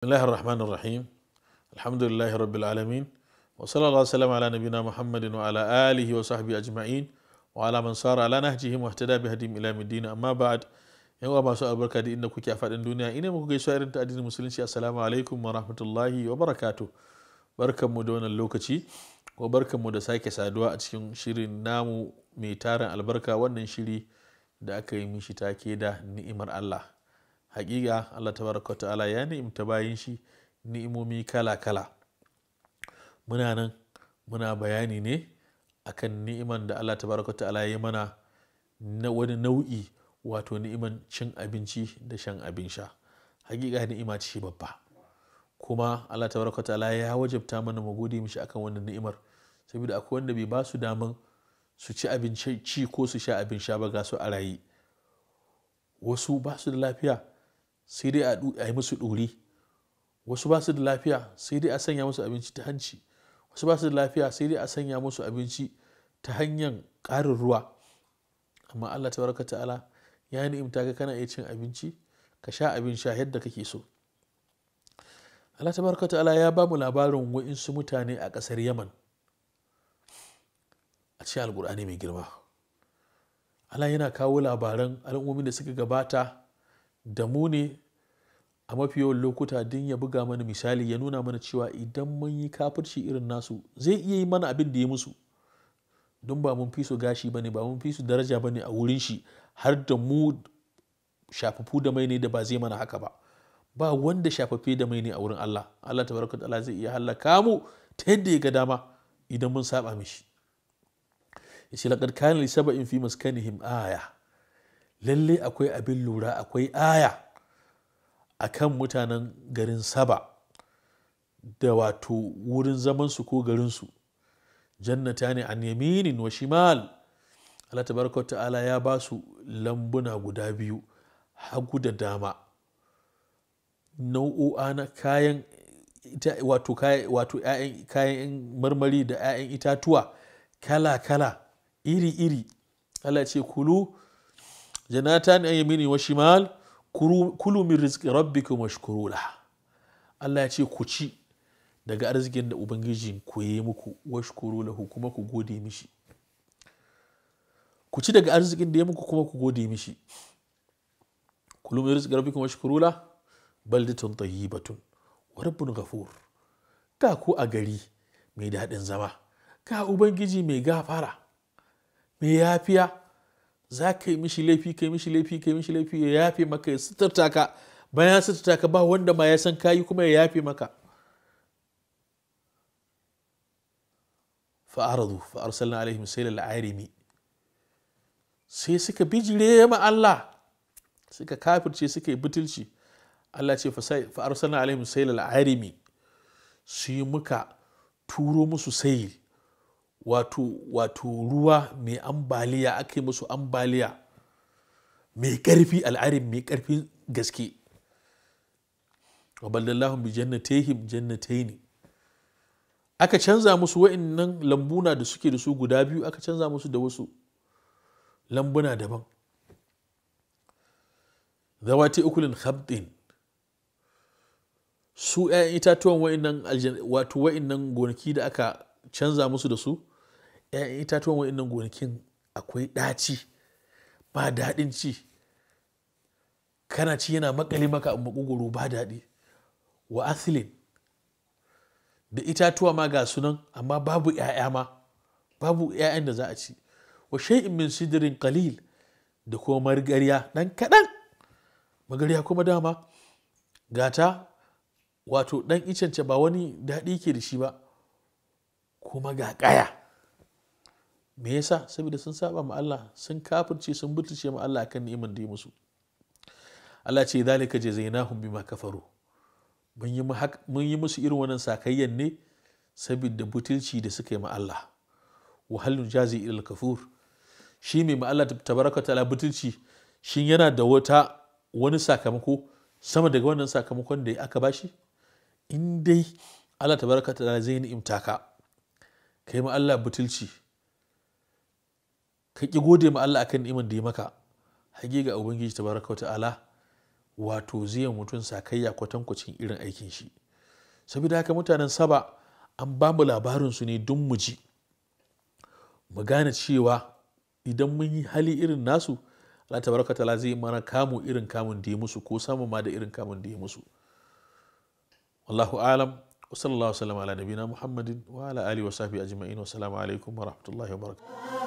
بسم الله الرحمن الرحيم الحمد لله رب العالمين وصلى الله وسلم على نبينا محمد وعلى آله وصحبه أجمعين وعلى من صار على نهجهم واهتدى بهديهم إلى الدين أما بعد yan uwa masu albarka da inda kuke a faɗin duniya ina muku gaisuwa irin ta addinin musulunci assalamu alaikum wa rahmatullahi wa barakatu barkanmu da wannan lokaci ko barkanmu da sake saduwa a cikin shirin namu mai tarin albarka wannan shiri da aka yi mishi take da ni'imar Allah hakika Allah tabaraka ta'ala ya ni'imta bayan shi ni'imomi kala-kala muna nan muna bayani ne akan ni'iman da Allah tabaraka ta'ala ya mana na wani nau'i wato ni'iman cin abinci da shan abin sha hakika ni'ima ce babba kuma Allah tabaraka ta'ala ya wajabta mana mu gode mishi akan wannan ni'imar saboda akwai wanda bai ba su daman su ci abinci ci ko su sha abin sha ba ga su a rayi wasu ba su da lafiya sai dai a yi musu ɗori wasu ba su da lafiya sai dai a sanya musu abinci ta hanci wasu ba su da lafiya sai dai a sanya musu abinci ta hanyar ƙarin ruwa amma allah tabaraka ta'ala ya ni'imta ka kana iya cin abinci ka sha abin sha yadda kake so allah tabaraka ta'ala ya ba mu labarin wa'insu mutane a ƙasar yaman a cikin alƙur'ani mai girma allah yana kawo labaran al'ummomin da suka gabata da mu ne a mafi yawan lokuta din ya buga mana misali ya nuna mana cewa idan mun yi kafirci irin nasu zai iya yi mana abin da ya musu don ba mun fi su gashi ba ne ba mun fi su daraja ba ne a wurin shi har da mu shafafu da mai ne da ba zai mana haka ba ba wanda shafafe da mai ne a wurin Allah Allah ta baraka Allah zai iya halaka mu ta yadda ya ga dama idan mun saba mishi yace laqad kana li sab'in fi maskanihim aya lalle akwai abin lura akwai aya a kan mutanen garin saba da wato wurin zamansu ko garinsu jannata ne an yaminin wa shimal Allah tabaraka ta'ala ya ba su lambuna guda biyu hagu da dama nau'o'a na kayan wato kayan marmari da 'ya'yan itatuwa kala-kala iri-iri Allah ce kulu Janatani an yamini wa shimal kulu min rizqi rabbikum washkuru lah Allah ya ce ku ci daga arzikin da ubangijin ku yi muku washkuru lahu kuma ku gode mishi ku ci daga arzikin da ya muku kuma ku gode mishi kulu min rizqi rabbikum washkuru lah baldatun tayyibatun wa rabbun ghafur ga ku a gari mai daɗin zama ga ubangiji mai gafara mai yafiya za ka yi mishi laifi ka yi mishi laifi ka yi mishi laifi ya yafe maka ya suturta ka bayan suturta ka ba wanda ma ya san kayi kuma ya yafe maka fa'aradu fa'arsalna alaihim sailal arimi sai suka bijire ma Allah suka kafirce suka yi butulci Allah ce fa'arsalna alaihim sailal arimi su yi muka turo musu sayil wato wato ruwa mai ambaliya aka yi musu ambaliya mai ƙarfi al'arin mai ƙarfin gaske waballallahun bi jannatayhim jannatayni aka canza musu wa'annan lambuna da suke da su guda biyu aka canza musu da wasu lambuna daban zawati ukulin khabdin su 'ya'yan itatuwan wa'annan wato wa'annan gonaki da aka canza musu da su 'ya'yan itatuwan wa'annan gonakin akwai ɗaci ba daɗin ci kana ci yana makale maka makogoro ba daɗi wa asilin da itatuwa ma ga sunan amma babu 'ya'ya ma babu 'ya'yan da za a ci wa shay'in min sidirin qalil da kuma margarya ɗan kaɗan magariya kuma dama gata wato ɗan icence ba wani daɗi ke da shi ba kuma ga ƙaya me yasa saboda sun saba ma Allah sun kafirce sun butulce ma Allah akan ni'imar da ya musu Allah ce zalika jazainahum bima kafaru mun yi mun yi musu irin wannan sakayyan ne saboda butulci da suka yi ma Allah wa hal nujazi ilal kafur shi mai ma Allah tabaraka ta'ala butulci shin yana da wata wani sakamako sama daga wannan sakamakon da aka bashi in dai Allah tabaraka ta'ala zai ni'imta ka kai ma Allah butulci ka ki gode ma Allah akan ni'imar da ya maka hakika ubangiji tabaraka wa ta'ala wato zai mutum sakayya kwatankwacin irin aikin shi saboda haka mutanen saba an ba mu labarin su ne don mu ji mu gane cewa idan mun yi hali irin nasu Allah tabaraka ta'ala zai mana kamu irin kamun da ya musu ko samu ma da irin kamun da ya musu wallahu alam wa sallallahu ala nabina muhammadin wa ala alihi wa sahbihi ajma'in wa assalamu alaikum wa rahmatullahi wa barakatuh